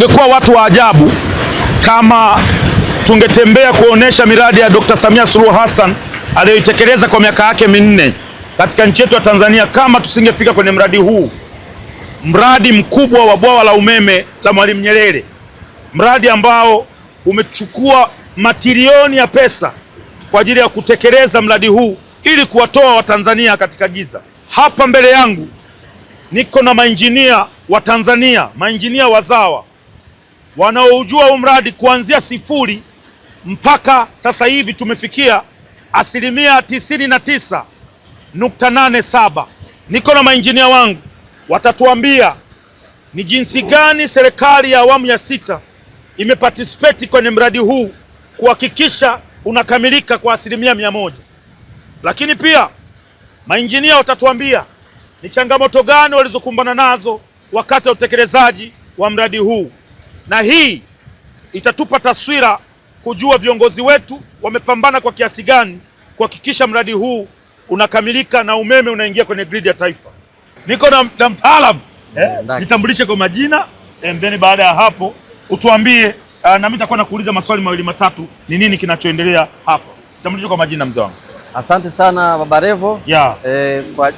tungekuwa watu wa ajabu kama tungetembea kuonesha miradi ya Dr. Samia Suluhu Hassan aliyoitekeleza kwa miaka yake minne katika nchi yetu ya Tanzania kama tusingefika kwenye mradi huu, mradi mkubwa wa bwawa la umeme la Mwalimu Nyerere, mradi ambao umechukua matilioni ya pesa kwa ajili ya kutekeleza mradi huu ili kuwatoa Watanzania katika giza. Hapa mbele yangu niko na mainjinia wa Tanzania, mainjinia wazawa wanaoujua huu mradi kuanzia sifuri mpaka sasa hivi tumefikia asilimia tisini na tisa nukta nane saba. Niko na mainjinia wangu watatuambia ni jinsi gani serikali ya awamu ya sita imeparticipate kwenye mradi huu kuhakikisha unakamilika kwa asilimia mia moja. Lakini pia mainjinia watatuambia ni changamoto gani walizokumbana nazo wakati wa utekelezaji wa mradi huu na hii itatupa taswira kujua viongozi wetu wamepambana kwa kiasi gani kuhakikisha mradi huu unakamilika na umeme unaingia kwenye gridi ya taifa. Niko na, na mtaalamu eh, nitambulishe kwa majina and then baada ya hapo utuambie uh, ah, nami nitakuwa nakuuliza maswali mawili matatu, ni nini kinachoendelea hapa. Nitambulishe kwa majina mzee wangu. Asante sana Baba Levo. Yeah. Eh, kwa,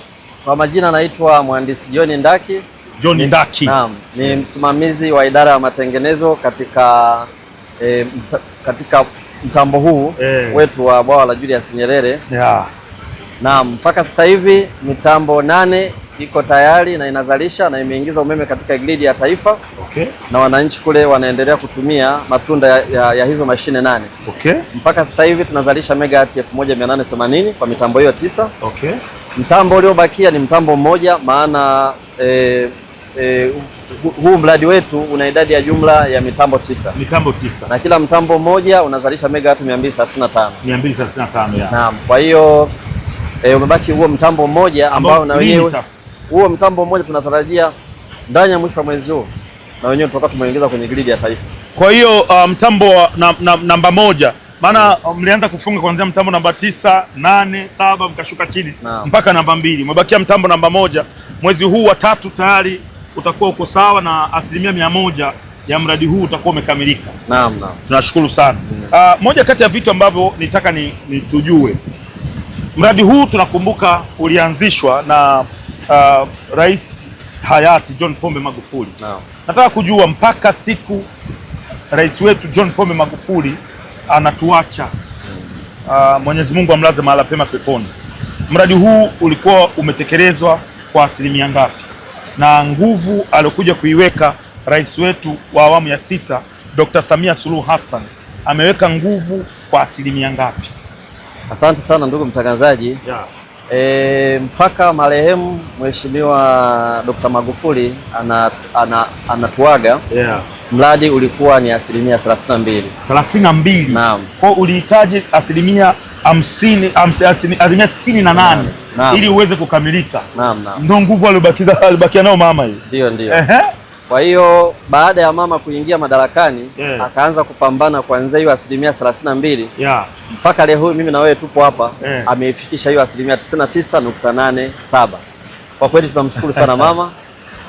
kwa majina naitwa Mhandisi John Ndaki John Ndaki. Naam, ni msimamizi wa idara ya matengenezo katika e, mta, katika mtambo huu e, wetu wa bwawa la Julius Nyerere yeah. Naam, mpaka sasa hivi mitambo nane iko tayari na inazalisha na imeingiza umeme katika gridi ya taifa okay. Na wananchi kule wanaendelea kutumia matunda ya, ya, ya hizo mashine nane okay. Mpaka sasa hivi tunazalisha megawati 1880 kwa mitambo hiyo tisa okay. Mtambo uliobakia ni mtambo mmoja maana e, eh, huu mradi wetu una idadi ya jumla ya mitambo tisa. Mitambo tisa. Na kila mtambo mmoja unazalisha megawati 235. 235 ya. Naam, kwa hiyo eh, umebaki huo mtambo mmoja ambao na wenyewe huo mtambo mmoja tunatarajia ndani ya mwisho wa mwezi huu na wenyewe tutakuwa tumeingiza kwenye gridi ya taifa. Kwa hiyo uh, mtambo wa na, na, namba moja maana uh, mlianza kufunga kuanzia mtambo namba tisa, nane, saba mkashuka chini na mpaka namba mbili, umebakia mtambo namba moja. Mwezi huu wa tatu tayari utakuwa uko sawa na asilimia mia moja ya mradi huu utakuwa umekamilika. Naam, naam. Tunashukuru sana. Uh, moja kati ya vitu ambavyo nitaka ni, ni tujue mradi huu tunakumbuka ulianzishwa na uh, Rais hayati John Pombe Magufuli. Naam. Nataka kujua mpaka siku rais wetu John Pombe Magufuli anatuacha, uh, Mwenyezi Mungu amlaze mahala pema peponi, mradi huu ulikuwa umetekelezwa kwa asilimia ngapi? na nguvu aliyokuja kuiweka rais wetu wa awamu ya sita Dr. Samia Suluhu Hassan ameweka nguvu kwa asilimia ngapi? Asante sana ndugu mtangazaji yeah. E, mpaka marehemu Mheshimiwa Dr. Magufuli anatuaga ana, ana yeah. Mradi ulikuwa ni asilimia 32. 32. Naam. Kwa ulihitaji asilimia 50, asilimia 68 ili uweze kukamilika. Naam, naam. Ndio nguvu aliyobakiza alibakia nayo mama hiyo. Ndio, ndio. Ehe. Kwa hiyo baada ya mama kuingia madarakani yeah. Akaanza kupambana kuanzia hiyo asilimia thelathini na mbili yeah. Mpaka leo mimi na wewe tupo hapa yeah. Ameifikisha hiyo asilimia tisini na tisa nukta nane saba. Kwa kweli tunamshukuru sana mama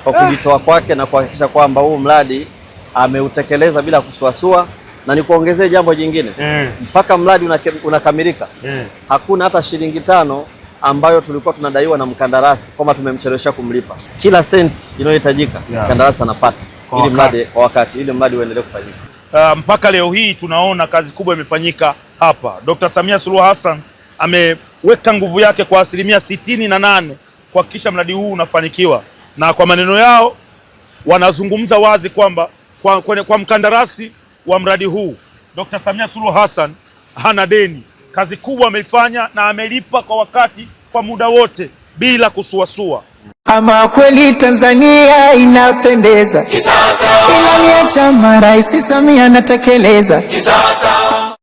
kwa kujitoa kwake na kuhakikisha kwamba huu mradi ameutekeleza bila kusuasua, na nikuongezee jambo jingine yeah. Mpaka mradi unakamilika una yeah. Hakuna hata shilingi tano ambayo tulikuwa tunadaiwa na mkandarasi kwamba tumemchelewesha kumlipa. Kila senti inayohitajika yeah. mkandarasi anapata kwa ili mradi kwa wakati ili mradi uendelee kufanyika. Uh, mpaka leo hii tunaona kazi kubwa imefanyika hapa. Dr. Samia Suluhu Hassan ameweka nguvu yake kwa asilimia sitini na nane kuhakikisha mradi huu unafanikiwa, na kwa maneno yao wanazungumza wazi kwamba kwa, kwa, kwa mkandarasi wa mradi huu Dr. Samia Suluhu Hassan hana deni kazi kubwa ameifanya na amelipa kwa wakati, kwa muda wote bila kusuasua. Ama kweli Tanzania inapendeza, ilani ya chama Rais Samia anatekeleza.